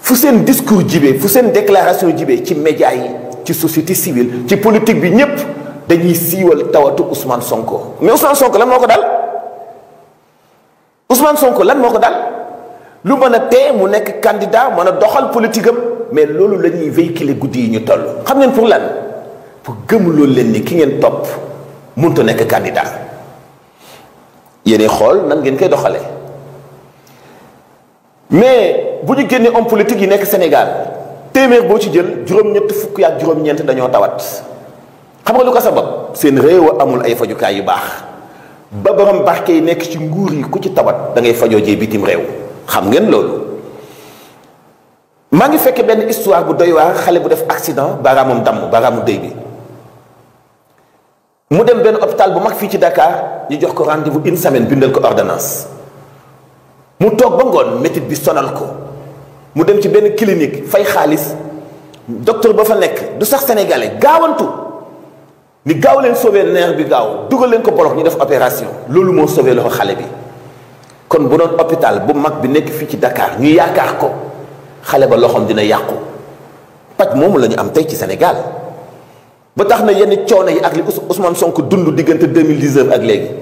fu discours jibee fu seen déclaration jibee ci média yi ci société civile ci politique bi ñépp dañuy siiwal tawatu Ousmane Sonko mais Ousmane Sonko lan moo ko dal Ousmane Sonko lan moo ko dal lu mën a tee mu nekk candidat mën a doxal politique mais loolu la ñuy véhiculer guddi yi ñu toll xam ngeen pour lan pour gëm loolu leen ni ki ngeen topp mënut a nekk candidat yéen xool nan ngeen koy doxalee mais si vous avez homme politique yi au Sénégal téeméer bo ci jël vous ñett fukk gens juróom-ñeent dañoo tawat xam nga lu ko sabab seen réew amul ay fajukaay yu baax ba borom barke yi nekk ci nguur tawat da ngay bitim réew xam histoire bu doy def accident hôpital mag Dakar jox ko rendez-vous une semaine ko ordonnance mu tok ba ngone métit bi sonal ko mu dem ci ben clinique fay khalis docteur ba fa nek du sax sénégalais gaawantu ni gaaw leen sauver nerf bi gaw dugal leen ko borox ñu def opération loolu mo sauver loxo xalé bi kon bu don hôpital bu mag bi nek fi ci Dakar ñu yaakar ko xalé ba loxoom dina yàqu pat momu lañu am tay ci Sénégal ba tax na yenn coono yi ak li Ousmane Sonko dundu diggante 2019 ak légui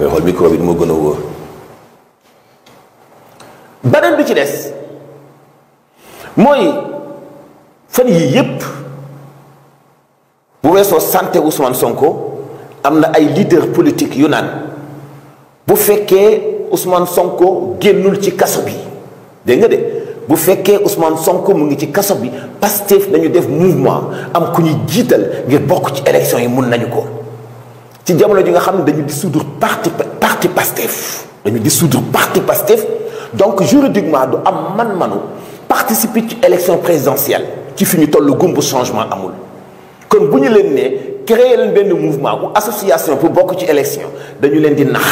mooy xool micro bi moo gën a wóor beneen bi ci des mooy fan yii yépp bu weesoo sante Ousmane Sonko am na ay leader politique yu naan bu fekkee Ousmane Sonko génnul ci kaso bi dégg nga de bu fekkee Ousmane Sonko mu ngi ci kaso bi Pastef nañu def mouvement am ku ñuy jiital ngir bokk ci élection yi mun nañu ko ci jamono ji nga xam ne dañu dissoudre parti parti Pastef dañu dissoudre parti Pastef donc juridiquement du am man-manu participer ci élection présidentielle ci fi ñu toll gumbu changement amul kon bu ñu leen nee créer leen benn mouvement ou association pour bokk ci élection dañu leen di nax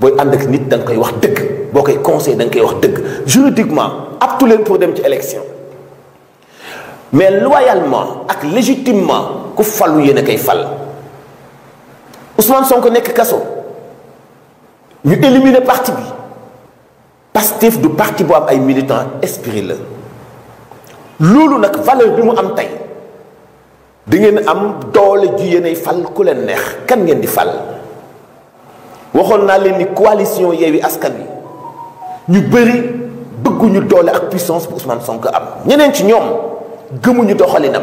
booy ànd ak nit da nga koy wax dëgg boo koy conseil da nga koy wax dëgg juridiquement aptu leen pour dem ci élection mais loyalement ak légitimement ku falu yéen a koy fal Ousmane Sonko nekk kaso ñu éliminer parti bi Pastef du parti bu am ay militants esprit la loolu nag valeur bi mu am tey da ngeen am doole ju yéenay fal ku leen neex kan ngeen di fal waxoon naa leen ni coalition Yewwi Askan Wi ñu bëri bëgguñu doole ak puissance bu Ousmane Sonko am ñeneen ci ñom ñu doxali doxalinam.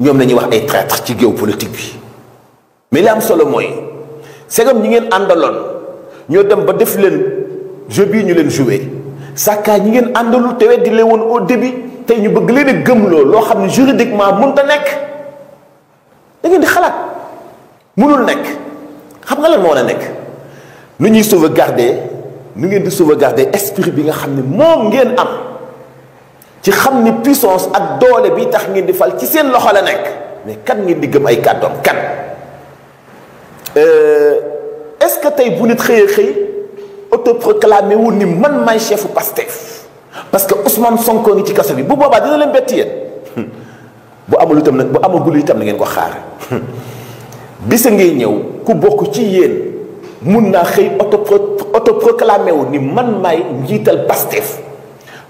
ñoom la ñuy wax ay traître ci géopolitique bi mais li am solo mooy segam ñi ngeen àndaloon ñoo dem ba def leen jeu bii ñu leen joué sàkkaa ñi ngeen àndalu te weddi leen woon au début tey ñu bëgg leen a gëmloo loo xam ne juridiquement mënut a nekk da ngeen di xalaat mënul nekk xam nga lan moo war nekk nu ñuy sauvegarder nu ngeen di sauvegarder esprit bi nga xam ne moom ngeen am. ci xamni puissance ak doole bi tax ngeen di fal ci seen loxo la nekk mais kan ngeen di gëm ay kàddoom kan euh, est-ce que tey bu nit xëyee xëy autoproclamé wu ni man maay chef Pastef parce que Ousmane Sonko ngi ci kaso bi bu boobaa dina leen bett yéen bu amul itam nag bu amagul itam na ngeen ko xaar bisa ngay ñëw ku bokk ci yéen mun naa xëy autopro autoproclamé wu ni man maay njiital Pastef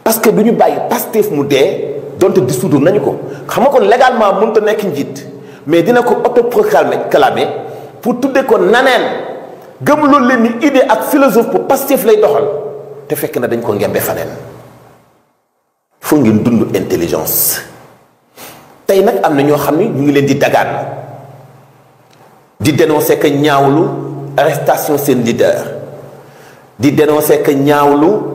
parce que du ñu bàyyi Pastef mu dee donte dissoudre nañu ko xam nga kon légalement mënut a nekk njiit mais dina ko autoproclamer clamé pour tuddee ko naneen gëm loolu leen ni idée ak philosophe bu Pastef lay doxal te fekk na dañ ko ngembee faneen foo ngeen dund intelligence tey nag am na ñoo xam ne ñu ngi leen di dagaan di dénoncer que ñaawlu arrestation seen leader di dénoncer que ñaawlu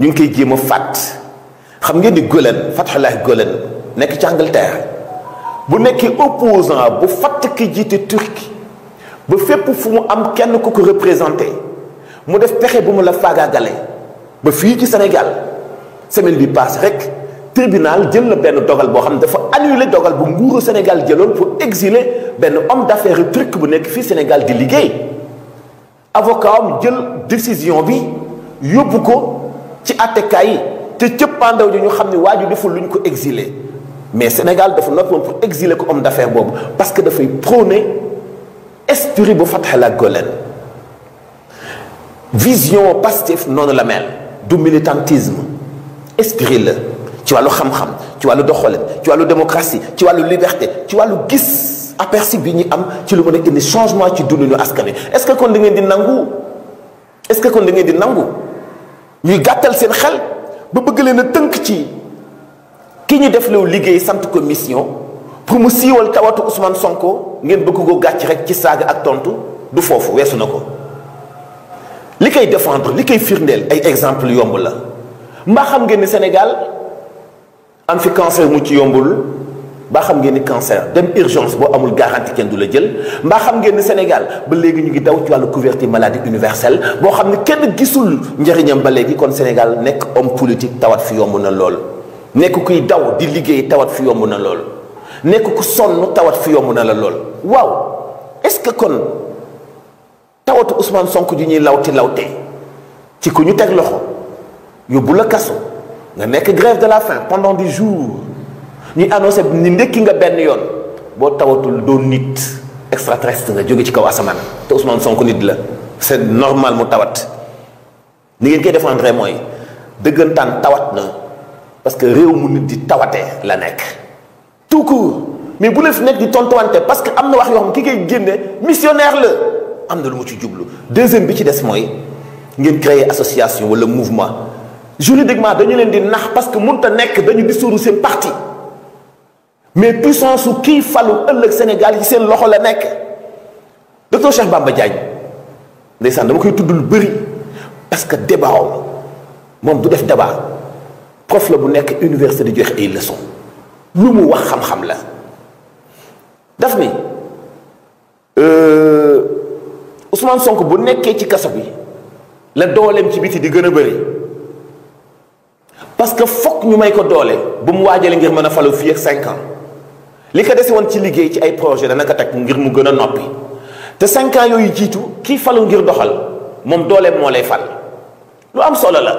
ñu ngi koy jéem a fàtt xam ngeen ni Golan Fatxullah Golan nekk ci Angleterre bu nekkee opposant bu fàtt ki jiite turki ba fépp fu mu am kenn ku ko représenté mu def pexe bu mu la faagaagale ba fii ci Sénégal semaine bi paase rek tribunal jël na benn dogal boo xam ne dafa annulé dogal bu nguuru Sénégal jëloon pour exiler benn homme d'affaires turc bu nekk fii Sénégal di liggéey avocat am jël décision bi yóbbu ko ci attekaay yi te cëppaandaw ji ñu xamni waju deful luñ ko exilé mais Sénégal dafa noppi pour exiler ko homme d'affaires bobu parce que fay prôner esprit bu Fatah la Golen vision pastif non la mel du militantisme esprit le ci walu xam-xam ci walu doxole ci walu démocratie ci walu liberté ci walu gis aperçu bi ñi am ci lu mën indi changement ci dundu ñu askan est-ce que kon da ngeen di nangu est-ce que kon da ngeen di nangu. ñuy gàttal seen xel ba bëgg leen a tënk ci ki ñu def law liggéey sant ko mission pour mu siiwal tawatu Ousmane Sonko ngeen bëgg koo gàcc rek ci saaga ak tontu du foofu weesu na ko li koy défendre li koy firndeel ay exemple yomb la mbaa xam ngeen ni Sénégal am fi cancer mu ci yombul mbaa xam ngeen ni cancer dem urgence bo amul garantie kenn du la jël mbaa xam ngeen ni Sénégal ba léegi ñu ngi daw ci wàllu couverture maladie universelle boo xam ne kenn gisul njëriñam ba qui kon Sénégal nek homme politique tawat fi yomb na lool. nekk kuy daw di liggéey tawat fi yomb na lool nek ku sonn tawat fi yomb na la lool waaw est-ce que kon tawatu Ousmane Sonko ju ñuy lawti lawte ci ku ñu teg loxo yóbbu la kaso nga nek grève de la faim pendant des jours. Ni annoncé ni ndékki nga ben yoon bo tawatul do nit extraterrestre nga jóge ci kaw asaman te Ousmane Sonko nit la c'est normal mu tawat ni ngeen koy défendre moy dëggantaan tawat na parce que rew mu nit di tawatee la nek tout court mais bu la fi di tontuwante parce que amna wax yo xam ki kay génne missionnaire le, amna lu mu ci djublu deuxième bi ci des moy ngeen créer association wala mouvement juridiquement dañu leen di nax parce que mënut a nekk dañu dissoudre sen parti mais puissance su kii falu le Sénégal yi seen loxo la nekk docteur Cheikh Bamba Diagne ndeysaan dama koy tudd lu parce que débat moom du def débat prof la bu nekk université de Dieu ay ils le sont, wax xam-xam la daf ni euh, Ousmane Sonko bu nekkee ci kaso bi la dooleem ci biti di gëna bëri parce que fokk ñu may ko dolé bu mu waajalee ngir mëna falu ak cinq ans. li ko dese woon ci liggéey ci ay projet dana ko teg ngir mu gën a noppi te cinq yooyu jiitu kii falu ngir doxal moom doole moo lay fal lu am solo la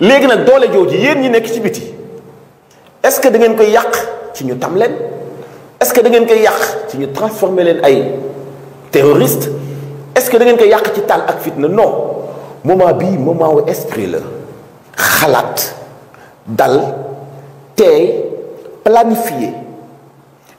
léegi nag doole jooju yéen ñi nekk ci biti est-ce que da ngeen koy yàq ci ñu tam leen est-ce que da ngeen koy yàq ci ñu leen ay terroriste est-ce que da ngeen koy yàq ci taal ak fitna non moment bii moment wu esprit la xalaat dal teey planifier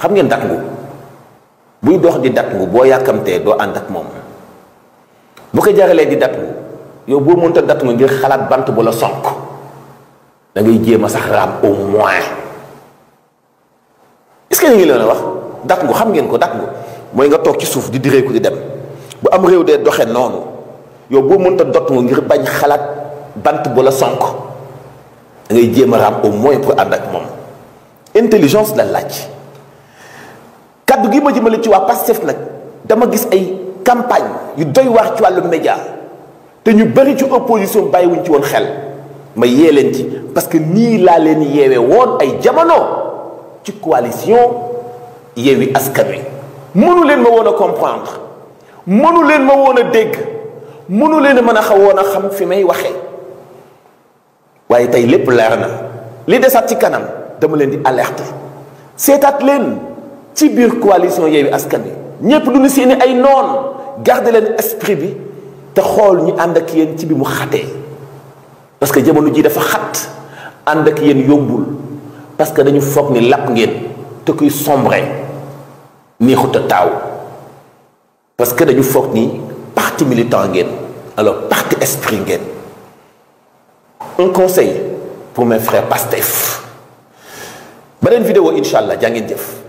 xam ngeen dat ngu buy dox di dat ngu boo yàkkamtee doo ànd ak moom bu ko jaralee di dat ngu yow boo mënta dat ngu ngir xalaat bant bu la sonk da ngay jéem a sax raam au moins est ce que ngi leen wax dat ngu xam ngeen ko dat ngu mooy nga toog ci suuf di direeku di dem bu am réew dee doxe noonu yow boo mënta dot ngu ngir bañ xalaat bant bu la sonk da ngay jéem a au moins pour ànd ak moom intelligence la laaj kaddu gi ma jëmale ci waa Pastef nag dama gis ay campagne yu doy waar ci wàllu média te ñu bëri ci opposition bàyyiwuñ ci woon xel ma yee leen di parce que nii laa leen yeewee woon ay jamono ci coalition Yewwi Askan Wi mënu leen ma woon a comprendre mënu leen ma woon a dégg mënu leen a mën a xaw woon a xam fi may waxe waaye tey lépp leer na li desaat ci kanam dama leen di alerte seetaat leen ci coalition Askan Wi ay noon garde esprit bi te xool ñu ànd ak yéen ci bi mu parce que jamono ji dafa xat ànd ak yéen parce que dañu foog ni lap ngeen te kuy sombre parce que dañu ni parti militant alors parti esprit un conseil pour mes frères Pastef une vidéo incha allah jëf